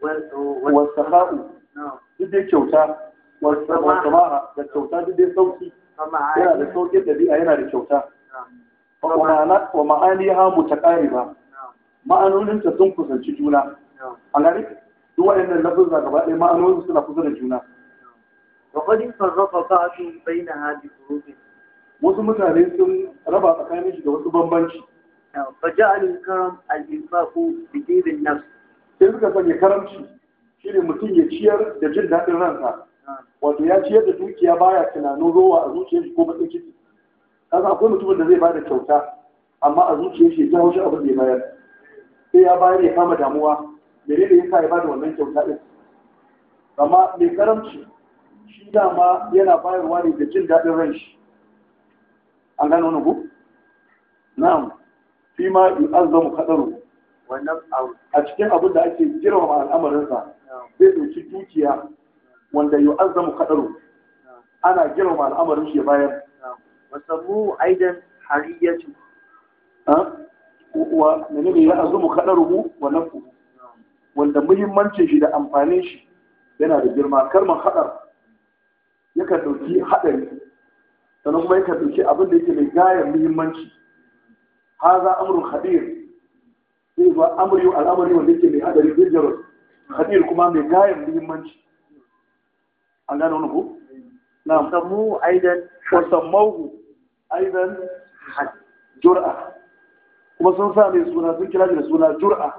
wasu ha'u duk dai kyauta wasu sama'a da kyauta duk dai sauki yana da sauƙin ɗabi'a yana da kyauta wa ma'ani ha ba. ma'anoninta sun kusanci juna a gari duk waɗannan lafuzza gaba ɗaya ma'anoninsu suna kusa da juna وقد فرق بعض بينها بفروق wasu mutane sun raba tsakanin shi da wasu bambanci فجعل الكرم الإنفاق بدين النفس sai suka sanya karamci shi ne mutum ya ciyar da jin daɗin ransa wato ya ciyar da dukiya baya tunanin rowa a zuciyar shi ko bakin ciki kaga akwai mutumin da zai bada kyauta amma a zuciyar shi ya haushi abin da ya bayar sai ya bayar ya kama damuwa menene yasa ya bada wannan kyauta din amma mai karamci shi dama yana bayarwa ne da jin daɗin ran shi an gano wani ku na'am fi ma yu'azzamu qadaru a cikin abin da ake girmama al'amarinsa zai ɗauki dukiya wanda yau an zama kaɗaro ana girma al'amarin shi bayan wasanmu aidan hariyatu wa menene ya azumu kaɗaruhu wa nafu wanda muhimmancin shi da amfanin shi yana da girma kalmar haɗar yakan ɗauki haɗari sannan kuma yakan ɗauki abin da yake mai gayar muhimmanci haza amrun khabir zai zuwa amuri al'amari wanda yake mai hadari dangerous hadir kuma mai gayan muhimmanci an gane wani ku na sammu aidan wasammau aidan jura'a kuma sun sa mai suna sun kira da suna jur'a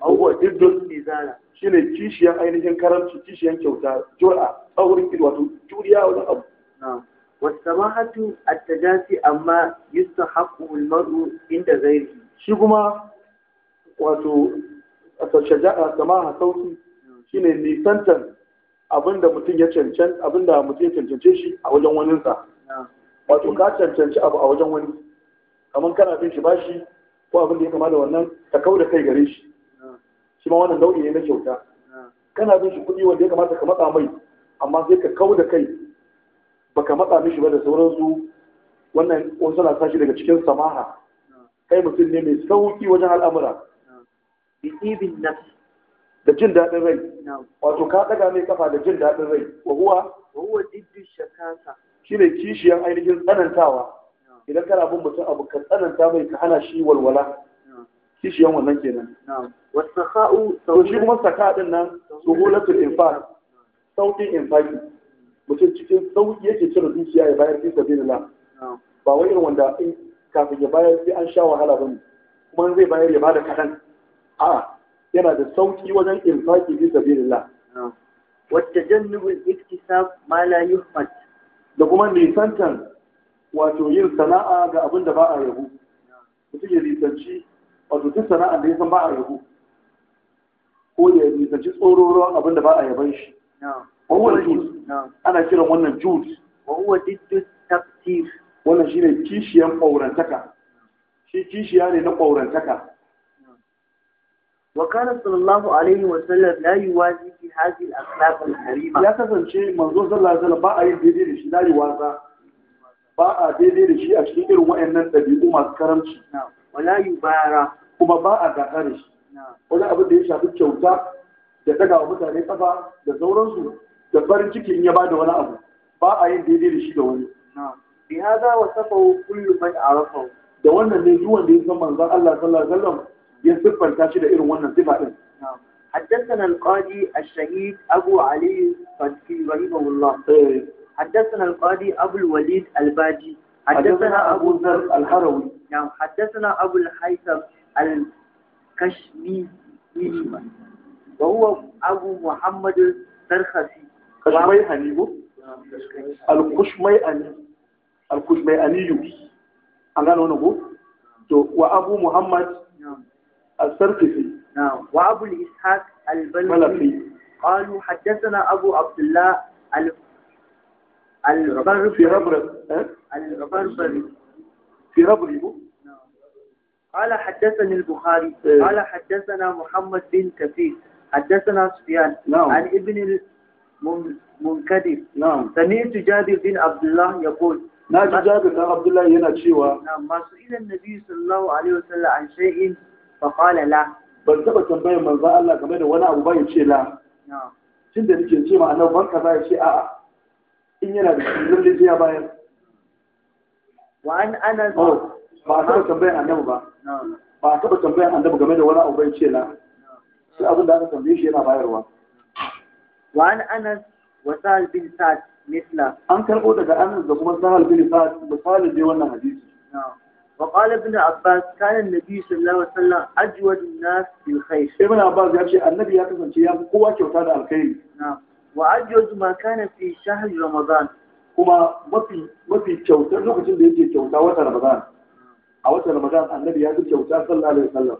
abubuwa iddun izana shi ne kishiyar ainihin karamci kishiyar kyauta jura'a, tsaurin ido wato juriya wani abu والسماحة التجاسي أما يستحقه المرء عند غيره shi kuma wato shaja'a samaha sauki shine nisantan abinda mutum ya cancan abinda mutum ya cancance shi a wajen waninsa wato ka cancanci abu a wajen wani kamar kana bin shi bashi ko abin da ya kama da wannan ka kau da kai gare shi shi ma wannan nau'i ne na kyauta kana bin shi kuɗi wanda ya kamata ka matsa mai amma sai ka kau da kai baka matsa mishi ba da sauransu wannan wasu na sashi daga cikin samaha kai mutum ne mai sauki wajen al'amura bi nafs da jin daɗin rai wato ka ɗaga mai kafa da jin daɗin rai wa huwa wa huwa diddu shakasa shine kishiyan ainihin tsanantawa idan kana bin mutum abu ka tsananta mai ka hana shi walwala kishiyan wannan kenan wasaka'u to shi kuma saka din nan suhulatul infaq sauƙin infaqi mutum cikin sauƙi yake cire dukiya ya bayar fi sabilillah ba wai irin wanda kafin ya bayar sai an sha wahala bane kuma zai bayar ya bada kaɗan a yana da sauki wajen infaki fi sabilillah wata jannubin iktisab ma la yuhmad da kuma nisantan wato yin sana'a ga abin da ba a rabu mutum ya nisanci wato duk sana'a da ya san ba a rabu ko ya nisanci tsororon abin da ba a yaban shi wawan Jude, ana kiran wannan jud wawan diddu tafsir wannan shine kishiyan ƙaurantaka shi kishiya ne na ƙaurantaka وكان صلى الله عليه وسلم لا يوازي في هذه الأخلاق الكريمة يا كسان شيء منظور صلى الله عليه وسلم باء يديدي لشي لا يوازى باء يديدي رشي أشكي إرم وإنن تبيئو ما تكرمش نعم ولا يبارى وما باء دقرش ولا أبد يشعب في الشوطة يتقع wa mutane يزور رسول sauransu da إن ciki ولا أبد ba da رشي abu بهذا وصفه كل من عرفه shi نجوان دي زمان hada wa safahu kullu man arafahu ya siffanta shi da irin wannan sifa din حدثنا القاضي الشهيد أبو علي فتحي رحمه الله حدثنا القاضي أبو الوليد الباجي حدثنا أبو ذر الحروي نعم حدثنا أبو الحيثم الكشمي وهو أبو محمد الزرخسي كشمي حنيب الكشمي الكشمي أنيو أنا نقول وأبو محمد السرقسي نعم وأبو الإسحاق البلخي قالوا حدثنا أبو عبد الله البربري في ربر البربري في ربري نعم. قال حدثني البخاري إيه. قال حدثنا محمد بن كثير حدثنا سفيان نعم. عن ابن المنكدر نعم سمعت جابر بن عبد الله يقول ناجي جابر بن عبد الله هنا شيوا نعم ما سئل النبي صلى الله عليه وسلم عن شيء فقال لا ban taɓa tambayar من Allah game da wani abu ba ya ce la tun da nake ce ma'anar ban ya ce a'a in yana da shi lalle sai ما oh, ba a taɓa tambayar annabi ba a taɓa tambayar annabi game da wani abu ba ce sai abin da aka tambaye shi yana bayarwa wa an wa sahal bin sa'ad misla an karɓo daga anas da kuma sahal bin sa'ad misalin dai wannan hadisi وقال ابن عباس كان النبي صلى الله عليه وسلم اجود الناس بالخير ابن عباس شيخ النبي يا قوه قوة ده الخير نعم واجود ما كان في شهر رمضان كما مفي مفي كوتا لوكاشين da yake kyauta وقت رمضان a wata Ramadan annabi ya yi kyauta sallallahu alaihi wasallam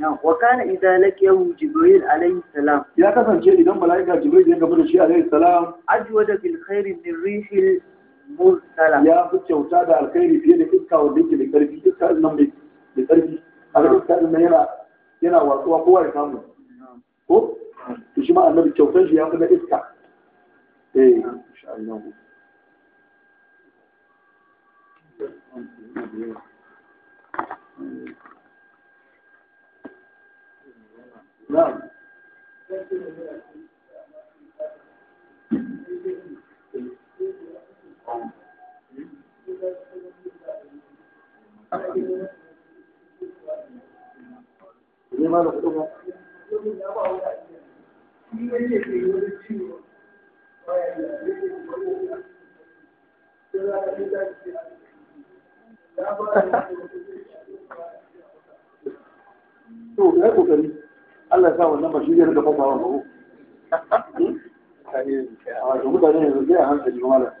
na'am wa kana idza laqiyahu jibril alaihi salam ya kasance idan malaika jibril ya gamu da shi alaihi salam ajwada bil khairi min rihil ya fi kyauta da alkhairi fiye da iska wanda yake da karfi iska nan bai da karfi har iska nan yana yana watsuwa kowa ya samu ko to shi ma annabi kyautar shi ya fi na iska eh insha Hmm? ne ma da kuɗin ba to ya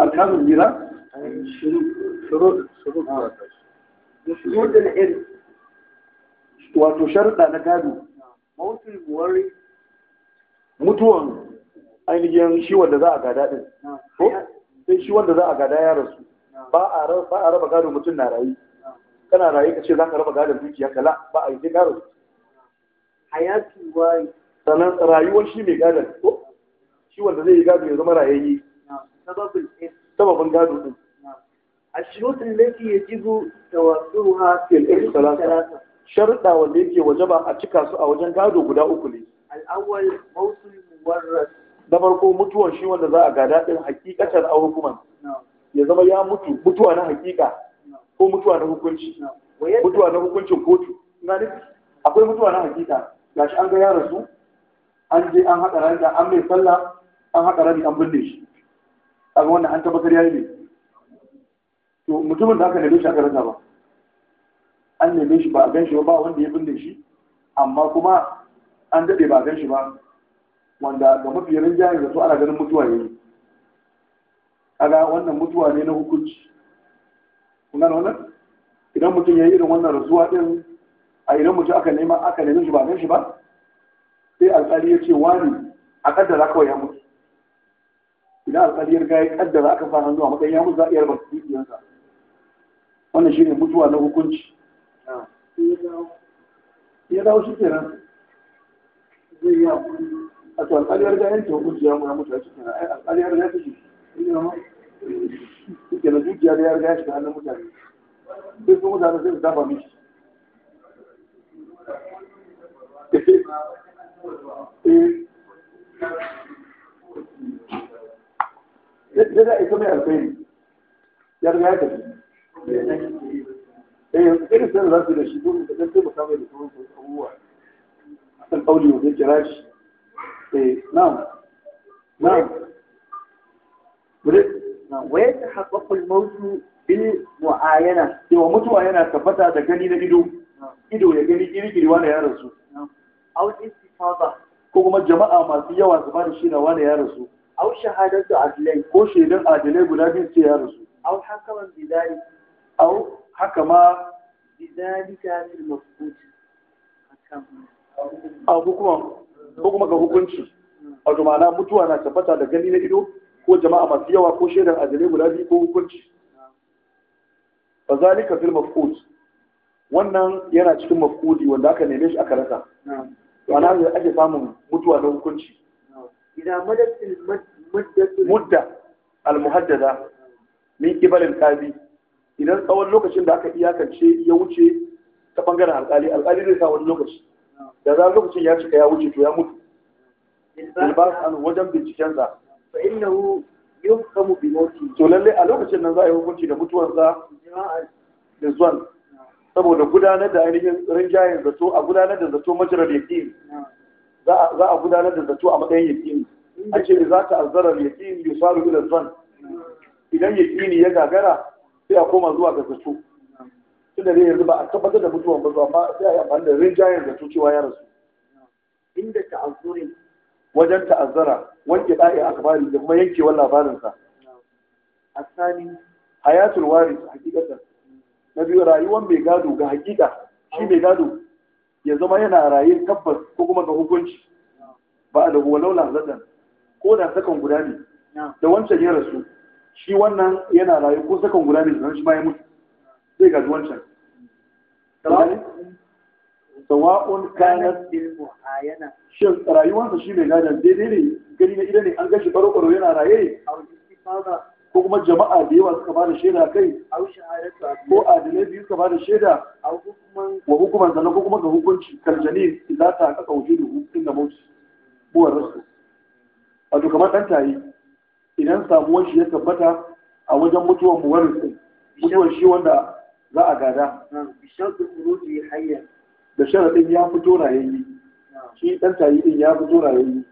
أركان الميراث شروط شروط شروط العلم وتشرط على كادو موت الموري mutuwan ainihin shi wanda za a gada ɗin, ko sai shi wanda za a gada ya rasu ba a raba gado mutum na rayu kana rayu ka ce za ka raba gado dukiya kala ba a yi sai gado hayati wai sanan rayuwar shi mai gado. ko shi wanda zai yi gado ya zama rayayye sababin gado din الشروط التي يجب توفرها في الإرث ثلاثة شرط wanda yake wajaba a cika su a wajen gado guda uku ne al-awwal mawsul muwarras da farko mutuwan shi wanda za a gada din hakikatan aw hukuman ya zama ya mutu mutuwa na hakika ko mutuwa na hukunci mutuwa na hukuncin kotu akwai mutuwa na hakika gashi an ga ya rasu an je an haɗa ranta an mai sallah an haƙa rami an binne shi a wannan an tabbatar yayi ne to mutumin da aka neme shi a karanta ba an neme shi ba a gan shi ba ba wanda ya binne shi amma kuma an daɗe ba a gan shi ba wanda ga mafi rinjaye da su ana ganin mutuwa ne kaga wannan mutuwa ne na hukunci kuna da wannan idan mutum ya yi irin wannan rasuwa ɗin, a idan mutum aka nema aka neme shi ba a gan shi ba sai alƙali ya ce wani a ƙaddara kawai ya mutu idan alƙaliyar ya riga ya aka fara hannu a matsayin ya mutu za a iya raba dukiyarsa wannan ne mutuwa na hukunci ya dawo shi kenan zai yi hakuri a to alƙali ya riga ya yanke hukunci ya mutu shi kenan ai alƙali ya riga ya kashe shi kenan dukiya da ya riga ya shiga hannun mutane sai su mutane sai su dafa mishi eh ya da ita mai alkhairi ya riga ya tafi eh irin sanin za su da shi don da zai musa mai da sauran abubuwa akan kauli wanda ya kira shi eh na na'am na'am waye ta haƙaƙul mautu bil mu'ayana cewa mutuwa yana tabbata da gani na ido ido ya gani iri-iri wani ya rasu au istifada ko kuma jama'a masu yawa su ba da shi na wani ya rasu au shahadatu adlai ko shaidan adalai guda biyu ce ya rasu au hakaman bidali au hakama bidalika fil hukuma ga hukunci wato ma'ana mutuwa na tabbata da gani na ido ko jama'a masu yawa ko shaidar adalai guda biyu ko hukunci fa fil mafqud wannan yana cikin mafkudi wanda aka neme shi aka rasa to ana ake samun mutuwa na hukunci idan madadin mudda almuhaddada min kibalin kazi idan tsawon lokacin da aka iyakance ya wuce ta bangaren alkali alkali zai sa wani lokaci da za lokacin ya cika ya wuce to ya mutu ilbas an wajen bincikensa fa innahu yuhkamu bi mawti to lalle a lokacin nan za a yi hukunci da mutuwarsa da zuwan saboda gudanar da ainihin rinjayen zato a gudanar da zato majalar yakin za a gudanar da zato a matsayin yakin ake ce za ta azzara ya yusaru da zan idan yaqini ya gagara sai a koma zuwa ga zato tunda dai yanzu ba a tabbatar da mutuwan ba amma sai a yi amfani da rinjayen zato cewa ya rasu inda azuri wajen ta'azzara wanke ɗaya a kamari da kuma yankewar labarinsa asani hayatul a hakikatar na biyu rayuwar mai gado ga hakika shi mai gado ya zama yana raye tabbas ko kuma ga hukunci ba a da walau lahzatan ko da sakan guda ne da wancan ya rasu shi wannan yana rayu ko sakan guda ne sannan shi ma ya mutu zai gaji wancan sawa'un kanat mu'ayyana shin rayuwarsa shi mai gadan daidai ne gani na idan ne an gashi baro baro yana raye ko kuma jama'a da yawa suka bada shaida kai ko adalai biyu suka bada shaida wa hukuman sannan ko kuma ga hukunci kaljani za ta da wujudu da mauti buwar rasu wato kamar ɗan tayi idan samuwar shi ya tabbata a wajen mutuwar muwarris mutuwar shi wanda za a gada da sharaɗin ya fito rayayye shi ɗan tayi ɗin ya fito rayayye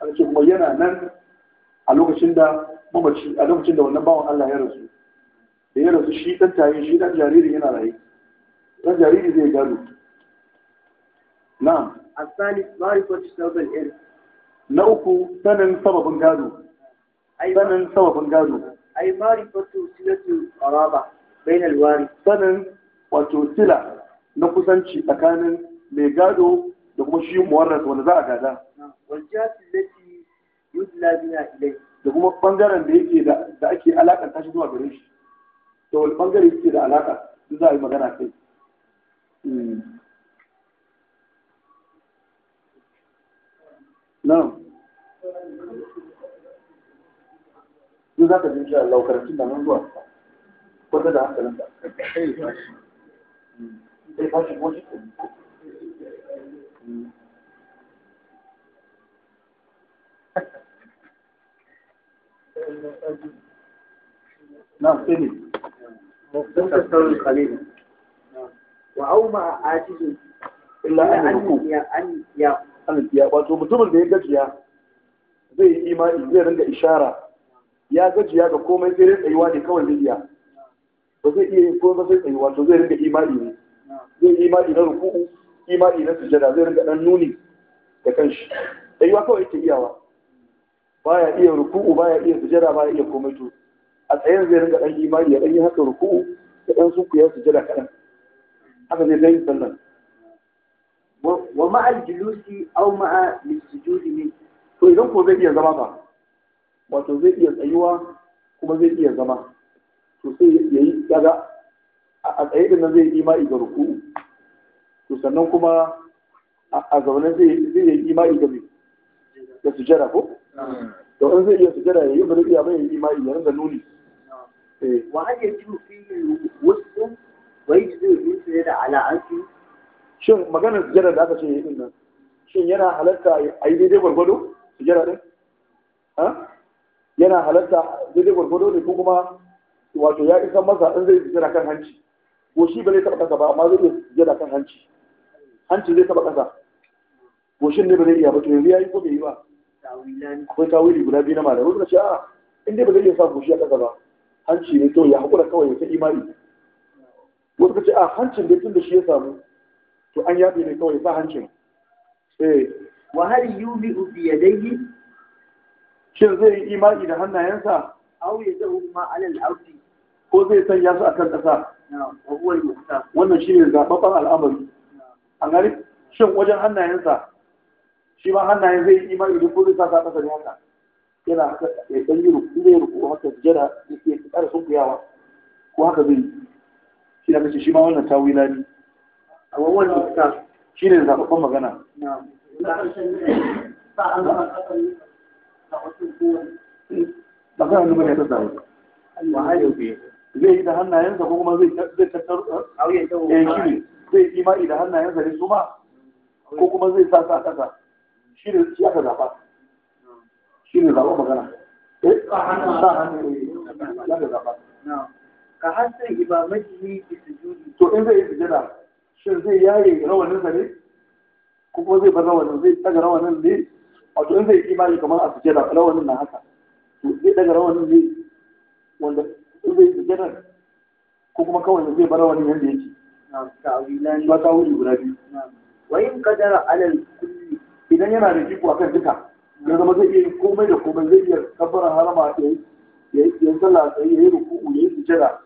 a ce kuma yana nan a lokacin da mamaci a lokacin da wannan bawan Allah ya rasu da ya rasu shi ɗan tayi shi ɗan jaririn yana raye ɗan jariri zai gado na'am الثالث معرفة na uku sanin sababin gado sanin sababin gado ai fatu silatu araba bainal alwari. sanin wato sila na kusanci tsakanin mai gado da kuma shi muwarras wanda za a gada wal jati lati yudla biha ilai da kuma bangaren da yake da ake alakanta shi zuwa gare shi da wani bangare yake da alaka za a yi magana kai hmm. na'am duk za ka ji insha Allah karatun da nan zuwa kwata da hankalin ka sai fashi kuma shi نعم سمي مفتوح الثور القليل وأو مع عاجز إلا أن wato mutumin da ya gajiya zai yi imani zai ringa ishara ya gajiya ga komai sai tsayuwa ne kawai zai iya ba zai iya yin komai sai tsayuwa to zai rinka imani ne zai imani na ruku'u imani na sujada zai rinka dan nuni da kanshi tsayuwa kawai yake iyawa baya iya ruku'u baya iya sujada baya iya komai to a tsayen zai rinka dan imani ya dan yi haka ruku'u da dan ya sujada kadan haka zai dan yi sallan wa ma'al julusi aw ma'a lisujudi ne. to idan ko zai iya zama ba wato zai iya tsayuwa kuma zai iya zama to sai ya yi daga a tsaye din nan zai yi ma'i ga ruku to sannan kuma a zaune zai yi ima'i ga da sujada ko Da wani zai iya sujada ya yi ba zai iya ba ya yi ima'i ya da nuni eh. wa hal yajibu fihi wasu wa zai min sujada da ala'ansu? shin maganar sujada da aka ce yin nan shin yana halatta a yi daidai gwargwado sujada din ha yana halatta daidai gwargwado ne ko kuma wato ya isa masa in zai sujjada kan hanci ko shi ba zai taba kasa ba amma zai iya sujjada kan hanci hanci zai taba kasa ko shin ne ba zai iya ba to yanzu yayi ko bai yi ba akwai tawili guda biyu na malamai suka ce a in dai ba zai iya sa goshi a kasa ba hanci ne to ya hakura kawai ya ta imani wasu ka ce a hancin dai tun da shi ya samu to an yafe ne kawai sa hancin eh wa hal yubi ya yadayhi shin zai yi imani da hannayensa aw zai zahu ma alal ardi ko zai sanya su akan kasa wannan shi ne zababban al'amari a gari shin wajen hannayensa shi ma hannayen zai yi imani da ko zai sa kasa ne haka yana haka ya dan yi ruku zai ruku haka jira ya kara sunkuyawa ko haka zai yi shi da kace shi ma wannan tawila ne a wannan shi ne zababban magana na'am ba ga annabi ne ta tsaro zai yi da hannayensa ko kuma zai tattar eh, eh shine zai yi ma'i da hannayensa ne su ma ko kuma zai sa sa kasa shi ne shi aka zaba shi ne zaba magana eh sa ka ya ga zaba ka ne ibamatihi bi sujudi to in zai yi sujada shin zai yaye rawaninsa ne ko kuma zai bar rawanin zai taga rawanin ne a in zai imani kamar a sujada rawanin na haka to zai daga rawanin ne wanda in zai sujada ko kuma kawai zai bar rawanin yadda yake ba ta wuri guda biyu wa in kadara alal kulli idan yana da jiko akan duka ya zama zai iya komai da komai zai iya kabbara harama ya yi sallah sai ya yi ruku'u ya yi sujada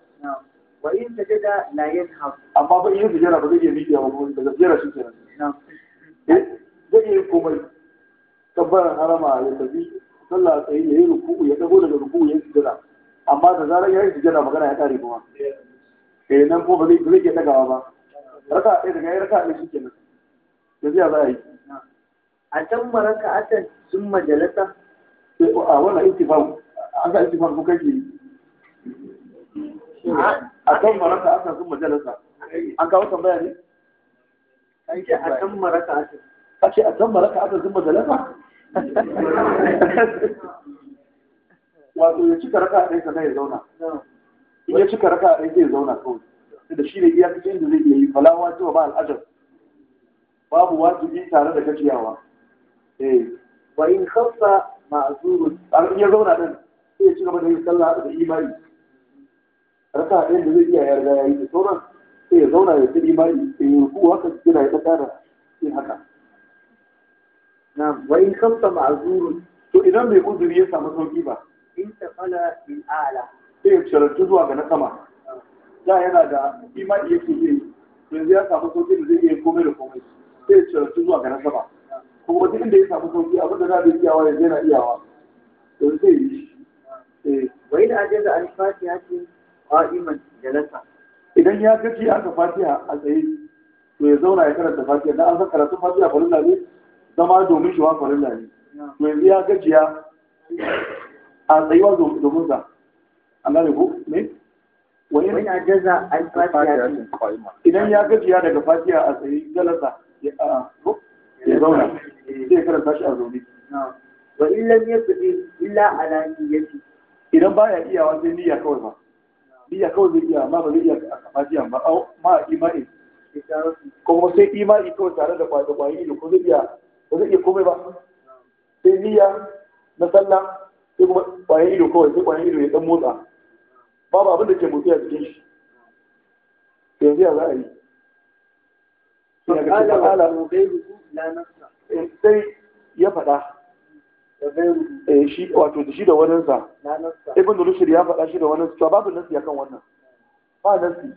wa in sajada la yadhhab amma ba in sujada ba zai iya miƙewa ba daga gajera shi kenan eh, zai iya komai tabbara harama ya tafi sallah tsaye ya yi ruku'u ya dago daga ruku'u ya sujada amma da zarar ya yi sujada magana ya kare kuma eh nan ko ba zai zai ke dagawa ba raka ɗaya daga ya raka ɗaya shikenan yanzu ya za a yi a can maraka a can sun majalata eh, a wannan ittifaq an ga ittifaq ko kake a kan maraka can sun majalata an kawo tambaya ne an a kan maraka atan ake a tambara ka aka zumba da lafa wato ya cika raka a ɗaya na ya zauna in ya cika raka ɗaya zai zauna kawai da shi ne iya cikin da zai iya yi falawa cewa ba al'ajar babu wajibi tare da gajiyawa eh wa in khaffa ma'zurun an ya zauna din sai ya ci gaba da yin sallah da imani raka ɗaya da zai iya yarda ya yi da sauran sai ya zauna ya ci imani sai ya ruku haka yana ya tsara sai haka na'am wa in kamsa ma'zurun to idan mai uzuri ya samu sauki ba in ta fala bil ala sai sharattu zuwa ga na sama da yana da imani yake yi yanzu ya samu sauki da zai iya komai da komai sai sharattu zuwa ga na sama kuma wata inda ya samu sauki abin da za a iyawa yanzu yana iyawa to zai yi shi eh. wa in da an fatiha ce qa'iman jalasa idan ya gaji aka fatiha a tsaye to ya zauna ya karanta fatiha da an san karatu fatiha farilla ne zama domin shi wa farilla to yanzu ya gajiya a tsayuwa domin sa Allah ne ko ne wani ya gaza alfatiya idan ya gajiya daga fatiya a tsaye galasa ya zauna zai karanta shi a zaune wa illan ya tsaye illa ala yake. idan ya iya wa sai niyya kawai ba niyya kawai zai iya amma ba zai iya a fatiya ba ma imani kuma sai imani kawai tare da kwaye da kwaye ko zai iya ba zai iya komai ba sai niyya na sallah sai kuma kwayan ido kawai sai kwayan ido ya dan motsa babu abin da ke motsi a cikin shi to yanzu ya za a yi sai ya eh, faɗa eh, wato shi da waninsa ibn rushd ya faɗa shi da waninsa to babu nasi akan wannan ba nasi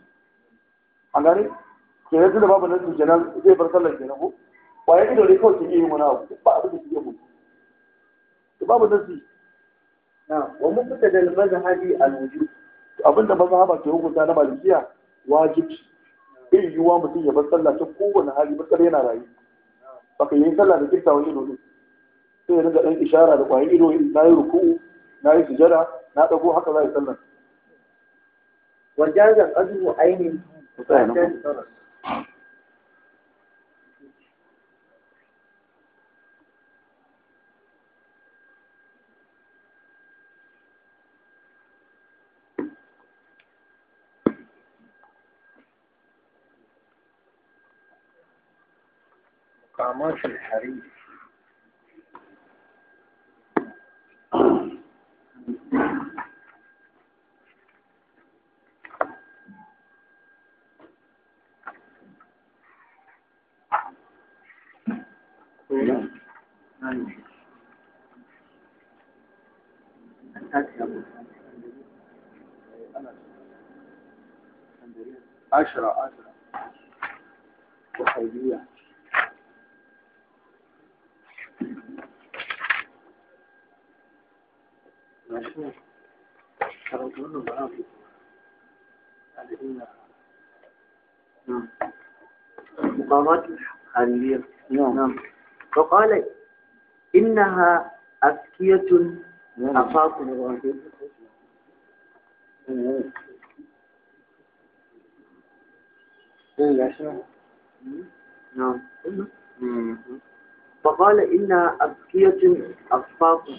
a gani ke yanzu da babu nasi kenan zai bar sallar kenan ko ƙwayar ido ne kawai sun iya yin wani abu ba abin da ke iya mutu to babu nasi wa mukuta da mazhabi al-wujud abin da mazhaba ke hukunta na malikiya wajibi irin yiwuwa mutum ya bar sallah ta kowane hali matsar yana rayu baka yi sallah da kiftawan ido ne sai ya rinka ɗan ishara da kwayan ido in na yi ruku'u na yi sujada na ɗago haka za a yi sallah wajajen azumu ainihin طعمات الحريق عشرة عشرة وحيدية مقامات الحريرية نعم. نعم فقال إنها أذكية نعم. أفاطمة نعم فقال إنها أذكية أفاطمة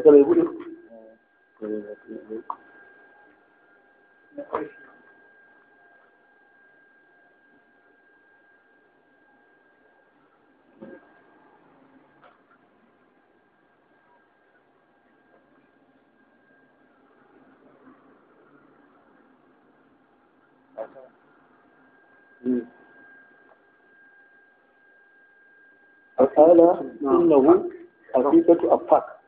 كانوا يقولوا الآلة نعم. إنه حقيقة الفقر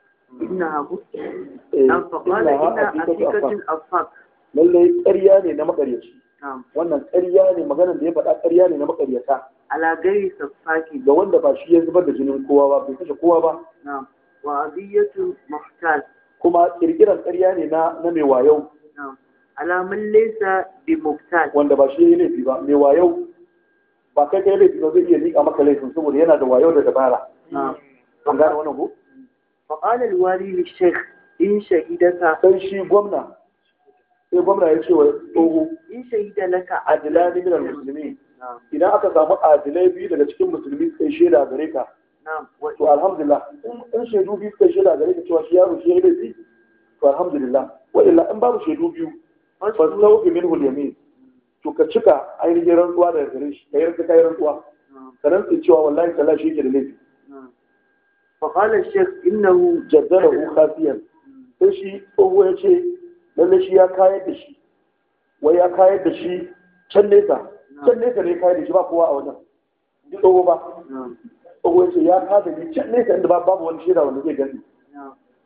إنها فقال إن حقيقة الأفاق lallai ƙarya ne na makaryaci wannan ƙarya ne maganar da ya faɗa ƙarya ne na makaryata ala gairi sassaki ga wanda ba shi ya zubar da jinin kowa ba bai kashe kowa ba wa abiyatu muhtal kuma kirkiran ƙarya ne na na alamun wanda ba shi ya yi laifi ba ba kai kai laifi ba zai iya liƙa maka laifin saboda yana da wayau da dabara an gane wannan ko faƙalar wali li sheikh in shahidata sai sai gwamna ya ce wa tsoho in shahida laka adilani musulmi idan aka samu adilai biyu daga cikin musulmi sai shaida gare ka to alhamdulillah in shaidu biyu suka shaida gare ka cewa shi yaro shi ya yi laifi to alhamdulillah wa illa in babu shaidu biyu fa sauki min hulyamin to ka cika ainihin rantsuwa daga gare shi ka yi rantsuwa ka rantsa cewa wallahi tallahi shi yake da laifi faƙalar shek innahu jaddarahu kafiyan sai shi tsoho ya ce lalle shi ya kayar da wai ya kayar da can nesa can nesa ne kayar da shi ba kowa a wajen duk tsoho ba ya ce ya kayar da can nesa inda babu wani shaida wanda zai gani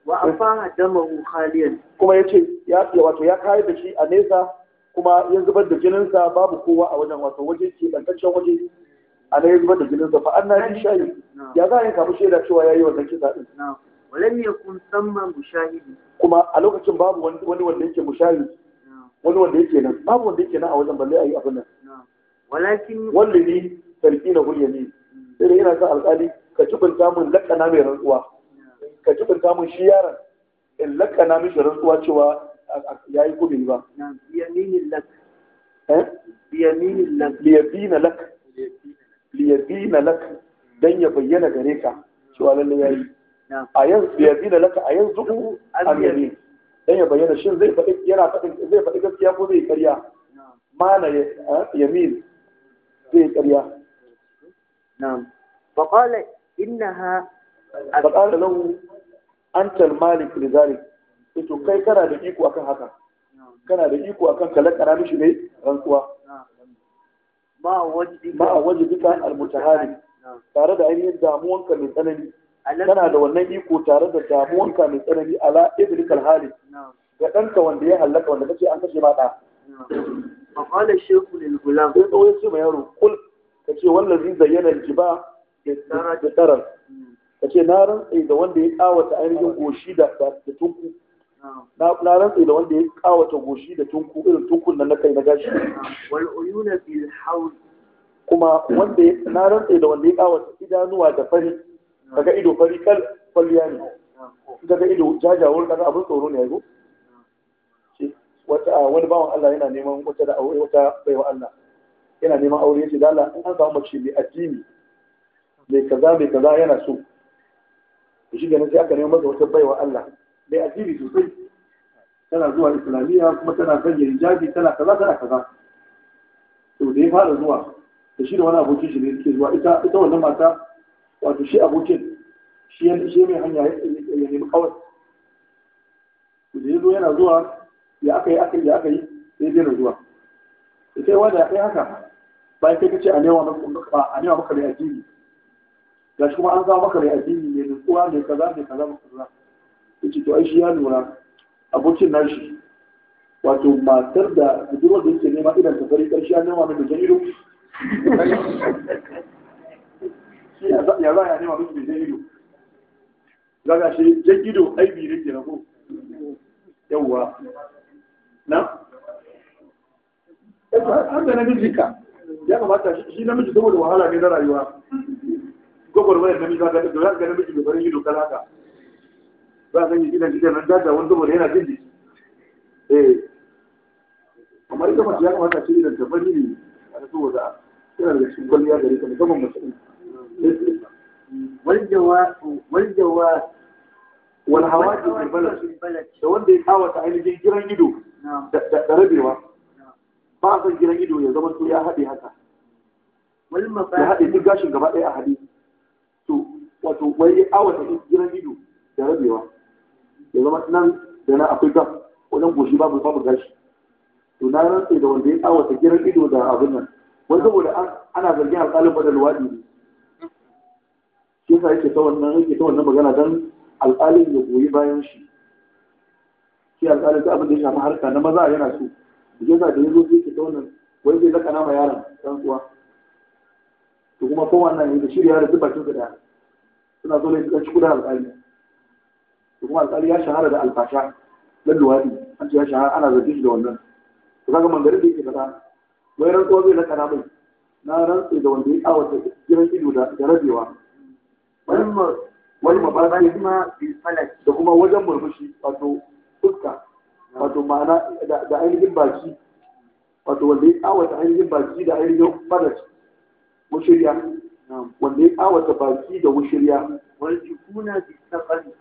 wa afaha damahu khaliyan kuma yace ya wato ya kayar da a nesa kuma ya zubar da jininsa babu kowa a wajen wato waje ke bantaccen waje A ana yin da jinin sa fa an nabi shayi ya za a yi mu shaida cewa yayi wannan kisa din walam yakun samman mushahidi kuma a lokacin babu wani wanda yake mushahidi wani wanda yake nan babu wanda yake nan a wajen balle yi abin nan walakin walli ni sarki na hulyani hmm. sai yana sa alƙali ka cibinta mun lakana mai rantsuwa ka cibinta mun shi yaron in lakana mishi rantsuwa cewa ya yi kubi ba biyaminin lak eh? biyaminin lak biyaminin lak liyazina laka dan ya bayyana gare ka cewa lalle yayi a yanzu liyazina laka a yanzu an yamin dan ya bayyana shin zai faɗi yana faɗin zai faɗi gaskiya ko zai ƙarya mana yamin zai ƙarya na'am fa qala innaha fa qala lahu anta al-malik li zalik to kai kana da iko akan haka kana da iko akan kalakara mishi ne rantsuwa ma wajibika almutahari tare da ainihin damuwanka mai tsanani kana da wannan iko tare da damuwanka mai tsanani ala ibrik alhali ga ɗanka wanda ya hallaka wanda kace an kashe ma ɗa faqala shaykhu lil gulam sai tsoye ce mai yaro kul kace wallazi zayyana aljiba da hmm. Ka ce na rantsa da wanda ya kawata ainihin goshi da tunku na rantsi da wanda ya kawata goshi da tunku irin tunkun nan na kai na gashi kuma wanda na rantsi da wanda ya kawata idanuwa da fari daga ido fari kal kwalliya ne daga ido jajawar kaga abin tsoro ne ya yago wata wani bawan Allah yana neman wata da aure wata baiwa Allah yana neman aure yace da Allah in an samu mace mai addini mai kaza mai kaza yana so shi ganin sai aka neman masa wata baiwa Allah mai addini sosai tana zuwa islamiyya kuma tana sanya hijabi tana kaza tana kaza to da ya fara zuwa da shi da wani abokin shi ne suke zuwa ita ita wannan mata wato shi abokin shi ya shi mai hanya ya nemi kawai to da ya zo yana zuwa ya aka yi aka yi aka yi sai daina zuwa to sai wanda kai haka bayan kai kace a newa maka a newa maka mai addini gashi kuma an zama maka mai addini ne nutsuwa ne kaza ne kaza ne kaza yace to ai shi ya lura abokin nashi wato matar da budurwar da yake nema idan ta fari karshe an nema mai bijan ido ya za a nema mai bijan ido ga shi jan ido aibi ne ke rago yawwa na har da namiji ka ya kamata shi namiji saboda wahala ne na rayuwa gwagwarmayar namiji za ka ga namiji mai farin ido kalaka za a sanya gidan gidan nan jaja wani saboda yana jin jiki eh amma ita mace ya kamata ce idan tabbar ne a saboda yana daga cikin kwalliya gare ta musamman mace ɗin waljawa walhawa da walbala da wanda ya kawata ainihin jiran ido da rabewa ba a san giran ido ya zama ya haɗe haka ya haɗe duk gashin gaba ɗaya a haɗe to wato wai ya kawata jiran ido da rabewa ya zama nan da na akwai gaf wajen goshi babu babu gashi to na rantse da wanda ya tsawata giran ido da abin nan wani saboda ana zargin alƙalin ba da luwaɗi ne shi yasa yake ta wannan yake ta wannan magana dan alƙalin ya goyi bayan shi shi alƙalin ta abin da ya shafi harka na maza yana so da yasa da ya zo yake ta wannan wai zai zaka nama yaron ɗan uwa to kuma kowannan ne da shirya da zubacin kin suna zo ne su ɗan ci kudin alƙali kuma alƙali ya shahara da alfasha dan luwaɗi. an ce ya shahara ana zargin shi da wannan to kaga mangare da yake kaza wai rantsuwa zai lakana mai na rantsu da wanda ya kawata jiran ido da rabewa wani mabarani kuma da kuma wajen murmushi wato fuska wato ma'ana da ainihin baki wato wanda ya kawata ainihin baki da ainihin falak wushirya wanda ya kawata baki da wushirya wani jikuna bi sabani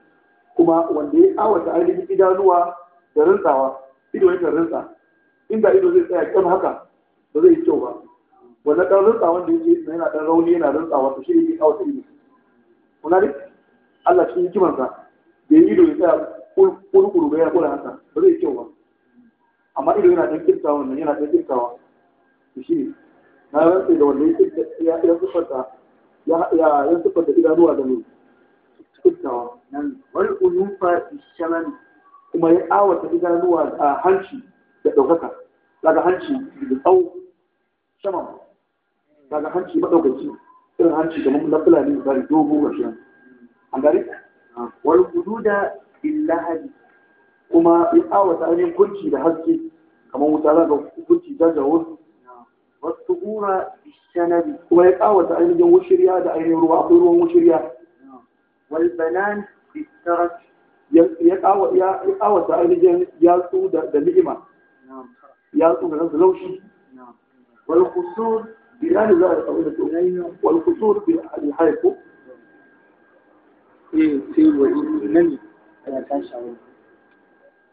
kuma wanda ya awata ainihin idanuwa da rantsawa ido yakan rantsa inda ido zai tsaya kan haka ba zai yi kyau ba wanda ɗan rantsa wanda yake yana ɗan rauni yana rantsawa to shi ne yake awata ido kuna ne Allah cikin hikimarsa da ido ya tsaya kurkuru ga ya kula haka ba zai yi kyau ba amma ido yana ɗan kirtawa wannan yana ɗan kirtawa to shi ne na rantsa da wanda ya ya siffanta ya ya siffanta idanuwa da kiftawa wani unufa shaman kuma ya awata idanuwa a hanci da ɗaukaka daga hanci da tsawo shaman daga hanci maɗaukaci irin hanci da mamman fulani misali dogo ga shi an gari wani gudu da illahari kuma ya awata ainihin kunci da haske kamar wuta za ga kunci jajawar wasu ƙura shanabi kuma ya awata ainihin wushirya da ainihin ruwa akwai ruwan wushirya والبنان بالترك يقع يقع وسائل يالطو دلئما نعم يالطو من الزلوشي نعم والقصور بلان الزائر طويلة والقصور بالحيق إيه سيل وإيه نمي أنا كان شعور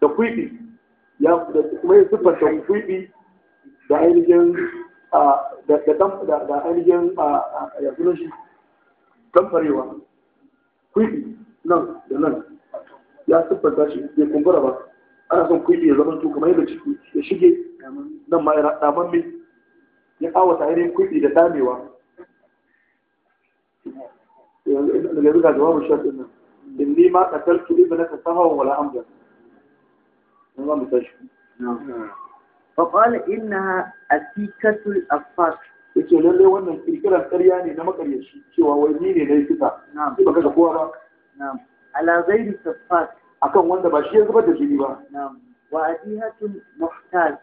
تقويبي يا كوي سبا تقويبي دائل جن ده آه، ده ده دائل جن آه، آه، يا زلوشي كم فريوان kwibi nan da nan ya siffanta shi bai kumbura ba ana son kwibi ya zama to kamar yadda ciki ya shige nan ma yana daman mai ya kawata ainihin kwibi da damewa daga yanzu da jawabin shafi nan ni ma qataltu ibnaka sahawan wala amza nan za mu tashi فقال إنها أتيكة الأفاق yace lalle wannan kirkiran karya ne na makaryaci cewa wai ni ne na yi kisa na'am ba kaga kowa ba na'am ala ghairi saffat akan wanda ba shi ya zubar da jini ba na'am wa adihatun muhtaj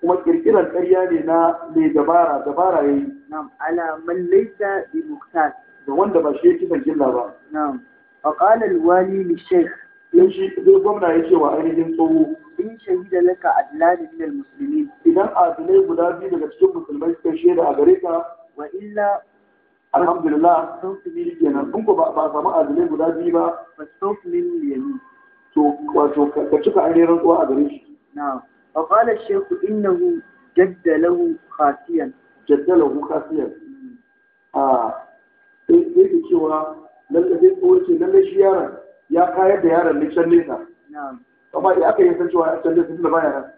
kuma kirkiran karya ne na mai dabara dabara yayi na'am ala man laysa bi muhtaj da wanda ba shi ya kisan gilla ba na'am fa qala al wali li shaykh sai shi gwamna ya wa ainihin tsoho in ka adlani min almuslimin idan adalai guda biyu daga cikin musulmai suka shaida a gare ka wa illa alhamdulillah sun fi mil kenan in ko ba samu adalai guda biyu ba fa sun fi mil yamin to wato ka cika an rera tsuwa a gare shi na'am fa qala shaykhu innahu jaddalahu khasiyan jaddalahu khasiyan hmm. a ah, sai da cewa lalle sai ko ce lalle shi yaron ya kayar da yaron ne can nesa na'am amma da aka yi san cewa a can nesa tunda baya nan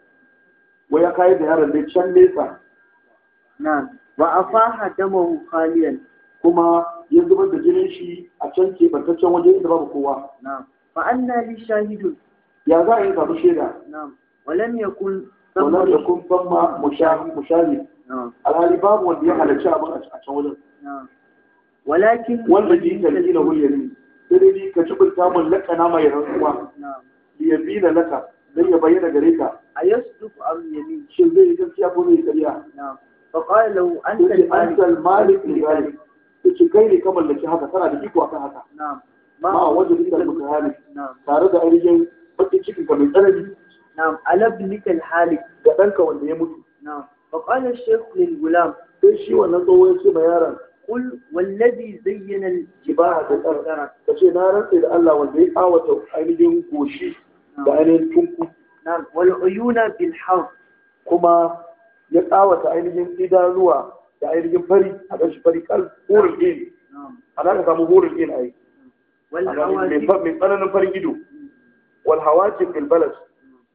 waya ya kayar da yaron dai can nesa na ba a faha dama haliyan kuma ya zubar da jinin shi a can keɓantaccen waje inda babu kowa na fa anna li shahidun ya za a yi samu shaida na walam yakun walam yakun famma mushahid A alhali babu wanda ya halarci abin a can wajen walakin wanda ji kalila ne sai dai ka ci bin samun lakana mai rantsuwa liyabina naka dan ya bayyana gare ka ayas duk an yami shin zai yi gaskiya ko zai kariya fa qala lahu anta malik al malik zalik kai ne ka mallaki haka kana da iko akan haka na'am ma wajin duk al-mukhalif tare da arjin baki cikin ka tsanani na'am ala bilik al-halik ga danka wanda ya mutu na'am fa qala sai shi na tsohon ya ce yaron. قل والذي زين الجبال بالأرض كشي نار إذا الله والذي آوة أينهم قوشي بأينهم تنكو نعم والعيون بالحرب كما يقاوة أينهم إدانوا بأينهم فري هذا شيء فري قال هور الإن أنا كم هور الإن أي من قلنا فري جدو والهواجم بالبلد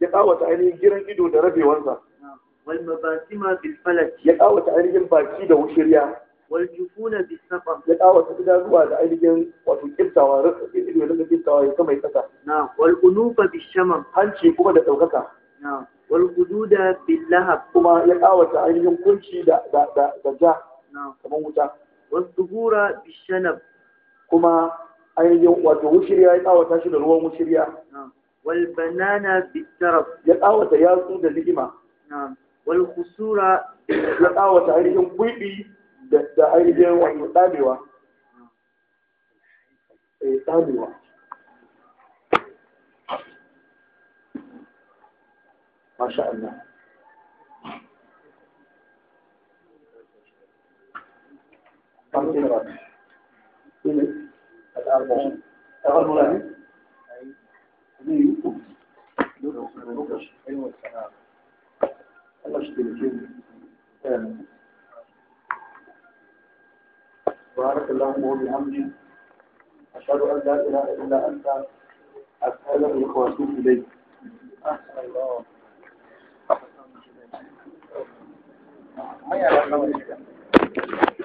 يقاوة أينهم جيران جدو دربي وانسا والمباسمة بالفلك يقاوة أينهم باكي دو شريا waljufuna bi saqam ya dawo ta gida zuwa da ainihin wato kiftawa rasa ido da kiftawa ya kama kasa na wal unufa bi shamam hanci kuma da daukaka wal gududa bil lahab kuma ya dawo ainihin kunci da ja na kaman wuta was kuma ainihin wato wushiriya ya dawo shi da ruwan wushiriya na wal banana ya yatsu da ni'ima wal ya dawo ainihin da ainihin wato ɗamewa eh ɗamewa masha Allah Thank you. بارك اللهم وبحمدك أشهد أن لا إله إلا أنت أسأله وأتوب إليك أحسن الله أحسن الله